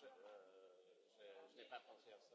je, euh, n'ai pas pensé à ça.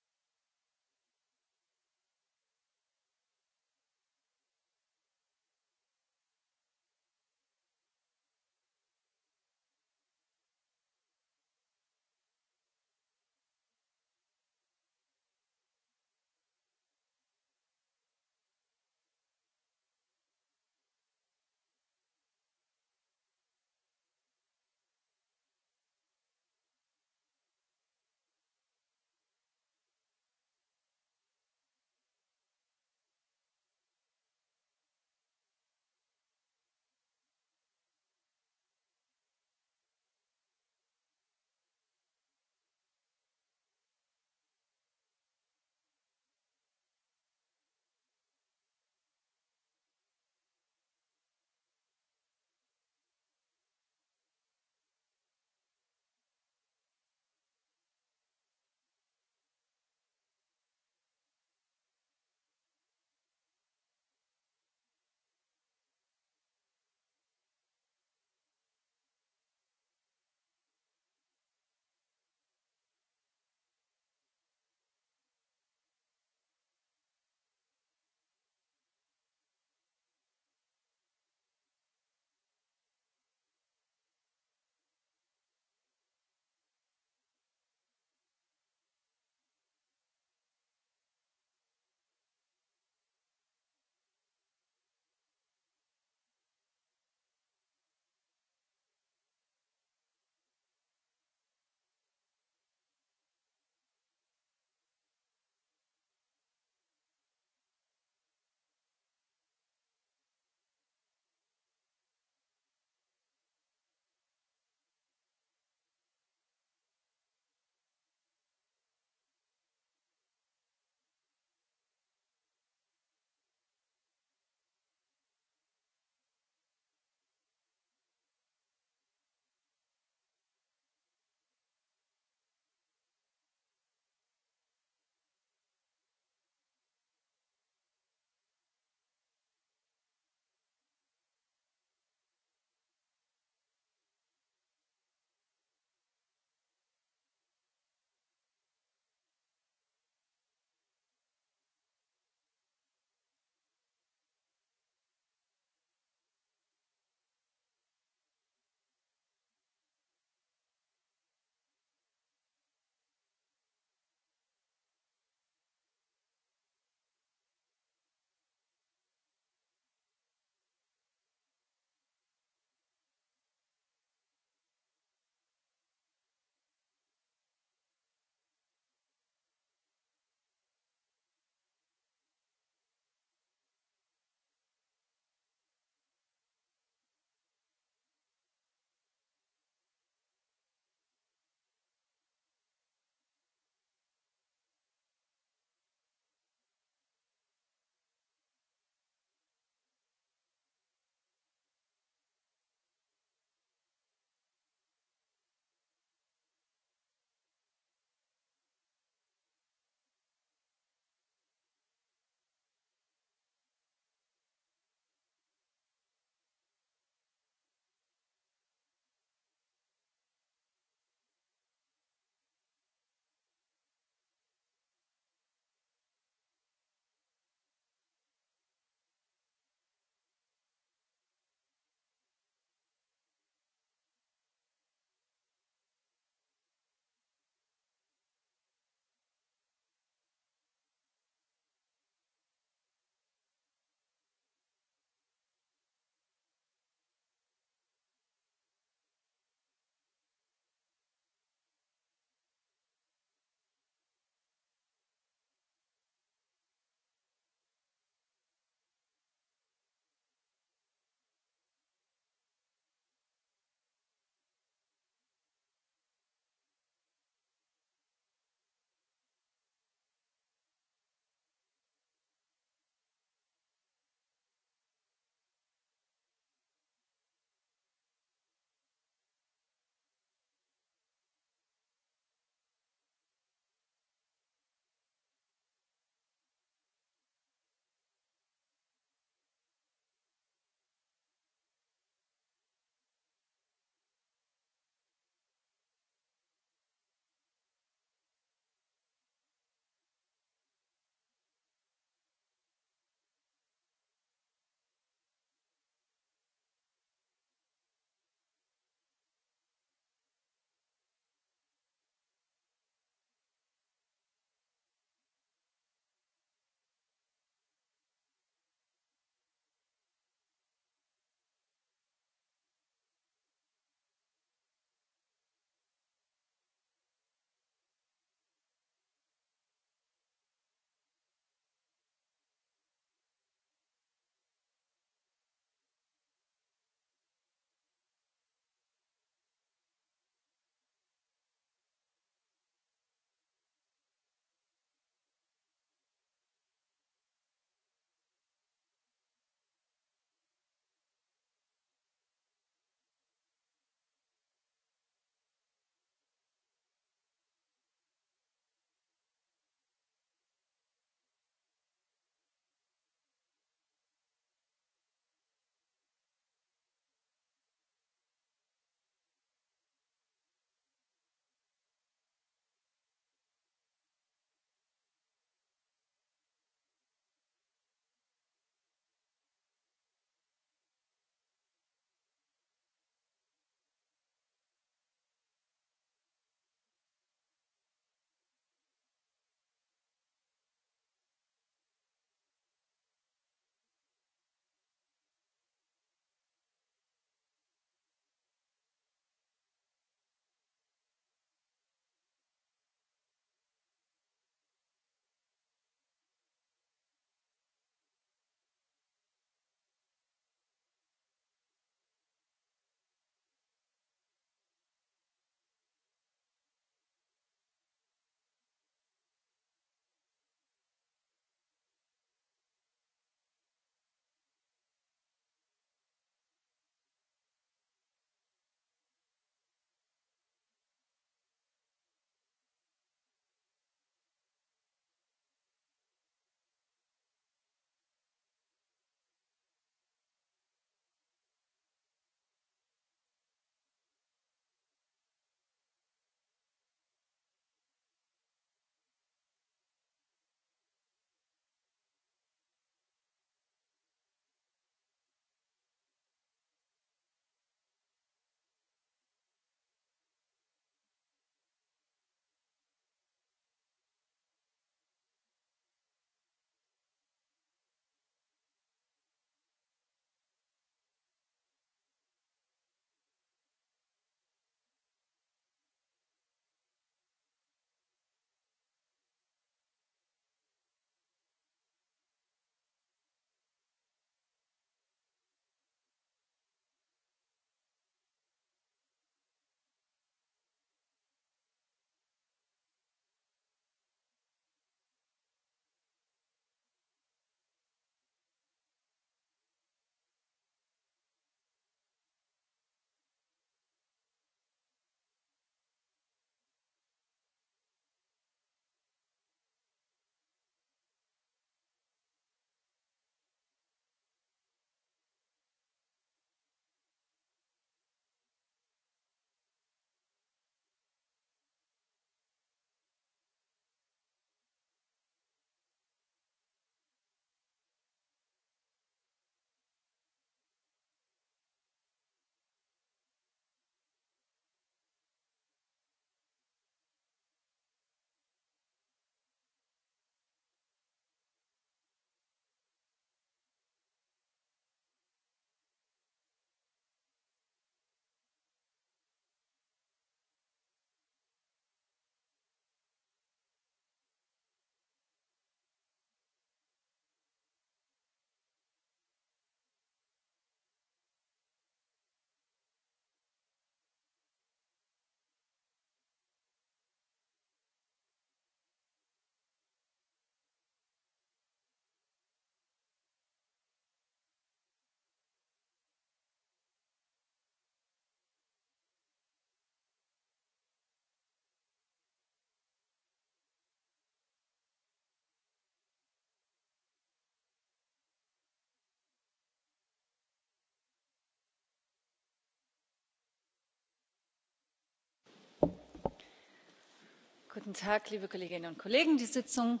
guten tag liebe kolleginnen und kollegen! die sitzung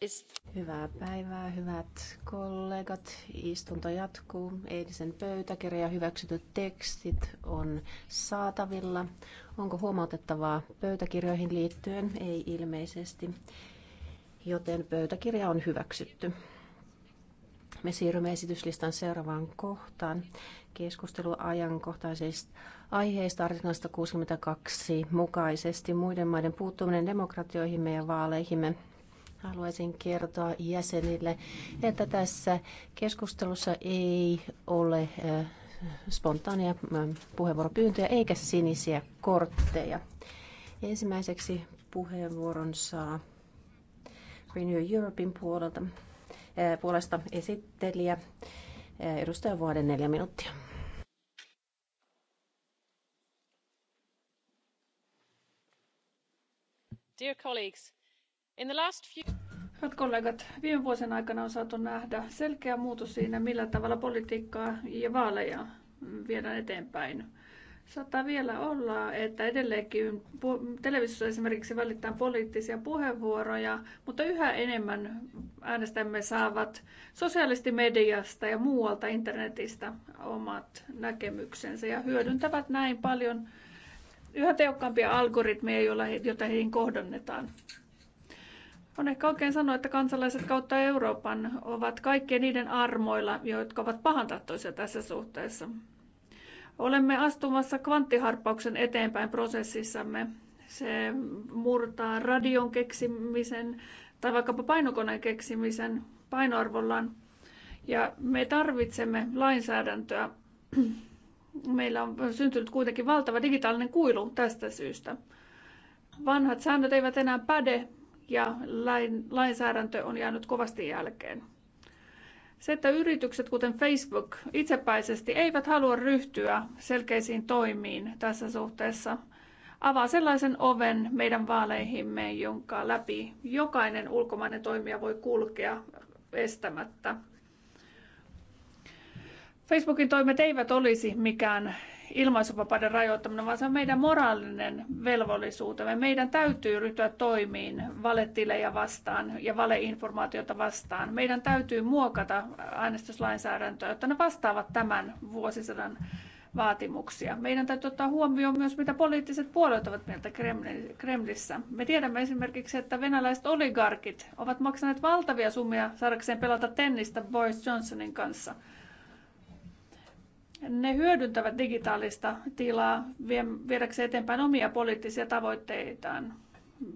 ist. hyvää päivää hyvät kollegat istunto jatkuu eilisen pöytäkirja ja hyväksytyt tekstit on saatavilla onko huomautettavaa pöytäkirjoihin liittyen ei ilmeisesti joten pöytäkirja on hyväksytty. Me siirrymme esityslistan seuraavaan kohtaan. Keskustelu ajankohtaisista aiheista artiklasta 62 mukaisesti muiden maiden puuttuminen demokratioihimme ja vaaleihimme. Haluaisin kertoa jäsenille, että tässä keskustelussa ei ole äh, spontaania äh, puheenvuoropyyntöjä eikä sinisiä kortteja. Ensimmäiseksi puheenvuoron saa Renew Europein puolelta Eh, puolesta esittelijä. Eh, edustaja Vuoden neljä minuuttia. Dear colleagues, in the last few... Hyvät kollegat, viime vuosien aikana on saatu nähdä selkeä muutos siinä, millä tavalla politiikkaa ja vaaleja viedään eteenpäin saattaa vielä olla, että edelleenkin televisiossa esimerkiksi välittää poliittisia puheenvuoroja, mutta yhä enemmän äänestämme saavat sosiaalisesti mediasta ja muualta internetistä omat näkemyksensä ja hyödyntävät näin paljon yhä tehokkaampia algoritmeja, joita heihin kohdannetaan. On ehkä oikein sanoa, että kansalaiset kautta Euroopan ovat kaikkien niiden armoilla, jotka ovat pahantahtoisia tässä suhteessa. Olemme astumassa kvanttiharppauksen eteenpäin prosessissamme. Se murtaa radion keksimisen tai vaikkapa painokoneen keksimisen painoarvollaan. Ja me tarvitsemme lainsäädäntöä. Meillä on syntynyt kuitenkin valtava digitaalinen kuilu tästä syystä. Vanhat säännöt eivät enää päde ja lainsäädäntö on jäänyt kovasti jälkeen. Se, että yritykset kuten Facebook itsepäisesti eivät halua ryhtyä selkeisiin toimiin tässä suhteessa, avaa sellaisen oven meidän vaaleihimme, jonka läpi jokainen ulkomainen toimija voi kulkea estämättä. Facebookin toimet eivät olisi mikään ilmaisuvapauden rajoittaminen, vaan se on meidän moraalinen velvollisuutemme. Meidän täytyy ryhtyä toimiin valetilejä vastaan ja valeinformaatiota vastaan. Meidän täytyy muokata äänestyslainsäädäntöä, jotta ne vastaavat tämän vuosisadan vaatimuksia. Meidän täytyy ottaa huomioon myös, mitä poliittiset puolueet ovat mieltä Kremlissä. Me tiedämme esimerkiksi, että venäläiset oligarkit ovat maksaneet valtavia summia saadakseen pelata tennistä Boris Johnsonin kanssa – ne hyödyntävät digitaalista tilaa viedäkseen eteenpäin omia poliittisia tavoitteitaan.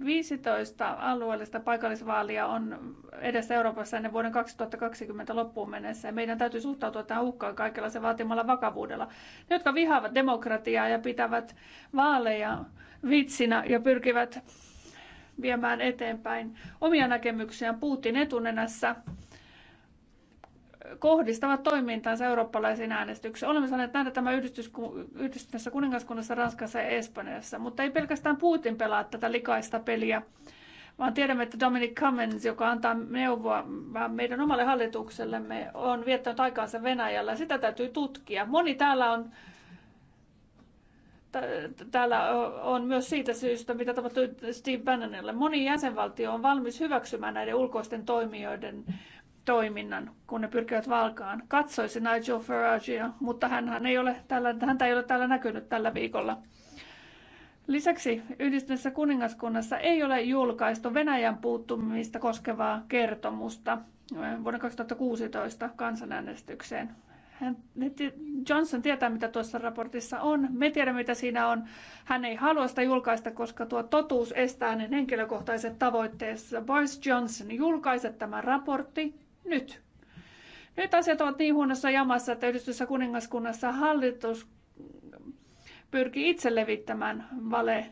15 alueellista paikallisvaalia on edessä Euroopassa ennen vuoden 2020 loppuun mennessä. Ja meidän täytyy suhtautua tähän uhkaan kaikella se vaatimalla vakavuudella. Ne, jotka vihaavat demokratiaa ja pitävät vaaleja vitsinä ja pyrkivät viemään eteenpäin omia näkemyksiään Putin etunenässä, kohdistavat toimintaansa eurooppalaisiin äänestyksiin. Olemme saaneet nähdä tämä yhdistyneessä kuningaskunnassa, Ranskassa ja Espanjassa, mutta ei pelkästään Putin pelaa tätä likaista peliä, vaan tiedämme, että Dominic Cummins, joka antaa neuvoa meidän omalle hallituksellemme, on viettänyt aikaansa Venäjällä. Sitä täytyy tutkia. Moni täällä on täällä on myös siitä syystä, mitä tapahtui Steve Bannonille. Moni jäsenvaltio on valmis hyväksymään näiden ulkoisten toimijoiden toiminnan, kun ne pyrkivät valkaan. Katsoisi Nigel Faragea, mutta hän ei ole tällä häntä ei ole täällä näkynyt tällä viikolla. Lisäksi yhdistyneessä kuningaskunnassa ei ole julkaistu Venäjän puuttumista koskevaa kertomusta eh, vuonna 2016 kansanäänestykseen. Johnson tietää, mitä tuossa raportissa on. Me tiedämme, mitä siinä on. Hän ei halua sitä julkaista, koska tuo totuus estää hänen henkilökohtaiset tavoitteensa. Boris Johnson, julkaise tämä raportti nyt. Nyt asiat ovat niin huonossa jamassa, että yhdistyssä kuningaskunnassa hallitus pyrkii itse levittämään vale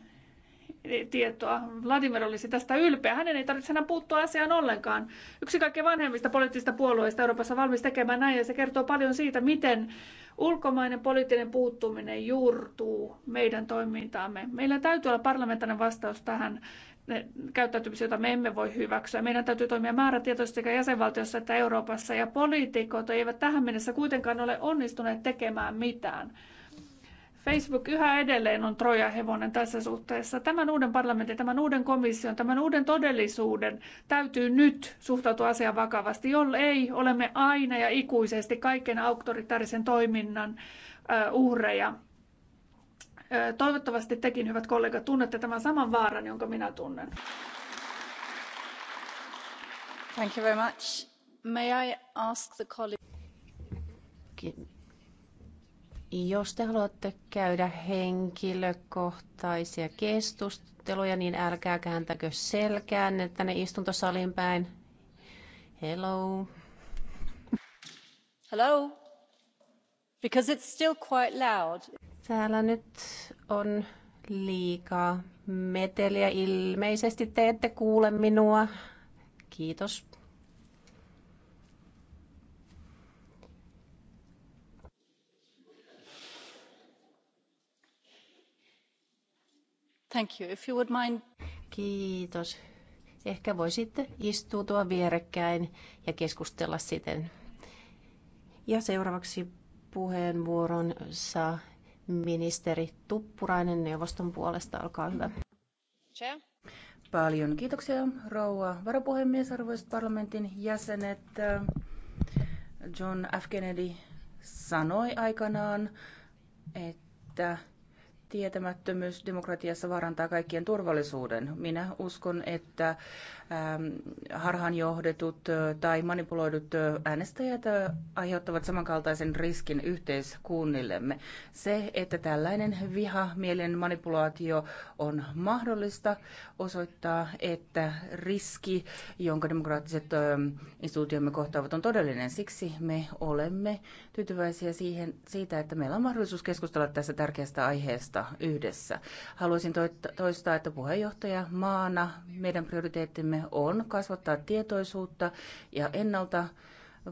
tietoa. Vladimir olisi tästä ylpeä. Hänen ei tarvitse enää puuttua asiaan ollenkaan. Yksi kaikkein vanhemmista poliittisista puolueista Euroopassa valmis tekemään näin, ja se kertoo paljon siitä, miten ulkomainen poliittinen puuttuminen juurtuu meidän toimintaamme. Meillä täytyy olla parlamentaarinen vastaus tähän käyttäytymisiä, joita me emme voi hyväksyä. Meidän täytyy toimia määrätietoisesti sekä jäsenvaltiossa että Euroopassa, ja poliitikot eivät tähän mennessä kuitenkaan ole onnistuneet tekemään mitään. Facebook yhä edelleen on Troja hevonen tässä suhteessa. Tämän uuden parlamentin, tämän uuden komission, tämän uuden todellisuuden täytyy nyt suhtautua asiaan vakavasti. Jolle ei, olemme aina ja ikuisesti kaiken auktoritaarisen toiminnan uhreja. Toivottavasti tekin, hyvät kollegat, tunnette tämän saman vaaran, jonka minä tunnen. Thank you very much. May I ask the colleague... Jos te haluatte käydä henkilökohtaisia keskusteluja, niin älkää kääntäkö selkään tänne istuntosalin päin. Hello. Hello. Because it's still quite loud. Täällä nyt on liikaa meteliä. Ilmeisesti te ette kuule minua. Kiitos. Thank you. If you would mind... Kiitos. Ehkä voisitte istua vierekkäin ja keskustella siten. Ja seuraavaksi puheenvuoron saa ministeri Tuppurainen neuvoston puolesta. Olkaa hyvä. Chair. Paljon kiitoksia, rouva varapuhemies, arvoisat parlamentin jäsenet. John F. Kennedy sanoi aikanaan, että tietämättömyys demokratiassa vaarantaa kaikkien turvallisuuden. Minä uskon, että Ähm, harhaanjohdetut äh, tai manipuloidut äh, äänestäjät äh, aiheuttavat samankaltaisen riskin yhteiskunnillemme. Se, että tällainen viha, mielen manipulaatio on mahdollista, osoittaa, että riski, jonka demokraattiset ähm, instituutiomme kohtaavat, on todellinen. Siksi me olemme tyytyväisiä siihen, siitä, että meillä on mahdollisuus keskustella tässä tärkeästä aiheesta yhdessä. Haluaisin toistaa, että puheenjohtaja maana meidän prioriteettimme on kasvattaa tietoisuutta ja ennalta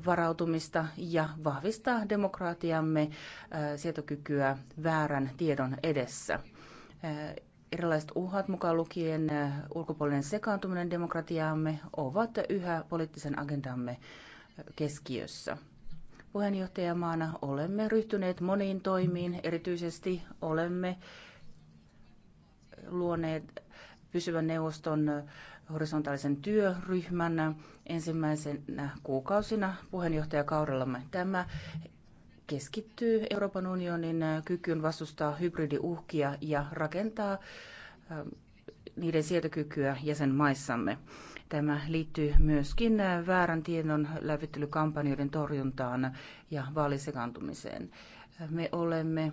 varautumista ja vahvistaa demokraatiamme äh, sietokykyä väärän tiedon edessä. Äh, erilaiset uhat, mukaan lukien äh, ulkopuolinen sekaantuminen demokratiaamme, ovat yhä poliittisen agendamme keskiössä. Puheenjohtajamaana olemme ryhtyneet moniin toimiin, erityisesti olemme luoneet pysyvän neuvoston horisontaalisen työryhmän ensimmäisenä kuukausina puheenjohtajakaudellamme. Tämä keskittyy Euroopan unionin kykyyn vastustaa hybridiuhkia ja rakentaa äh, niiden sietokykyä jäsenmaissamme. Tämä liittyy myöskin väärän tiedon lävittelykampanjoiden torjuntaan ja vaalisekaantumiseen. Me olemme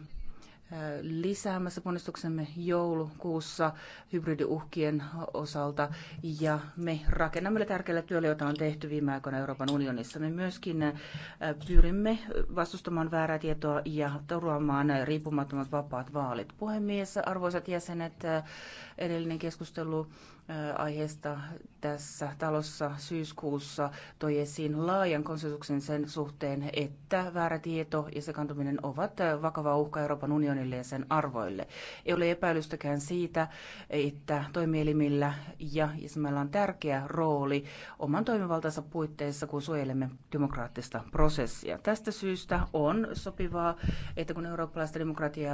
lisäämässä ponnistuksemme joulukuussa hybridiuhkien osalta ja me rakennamme tärkeällä työllä, jota on tehty viime aikoina Euroopan unionissa. Me myöskin äh, pyrimme vastustamaan väärää tietoa ja turvaamaan riippumattomat vapaat vaalit. Puhemies, arvoisat jäsenet, äh, edellinen keskustelu aiheesta tässä talossa syyskuussa toi esiin laajan konsensuksen sen suhteen, että väärä tieto ja sekantuminen ovat vakava uhka Euroopan unionille ja sen arvoille. Ei ole epäilystäkään siitä, että toimielimillä ja meillä on tärkeä rooli oman toimivaltansa puitteissa, kun suojelemme demokraattista prosessia. Tästä syystä on sopivaa, että kun eurooppalaista demokratiaa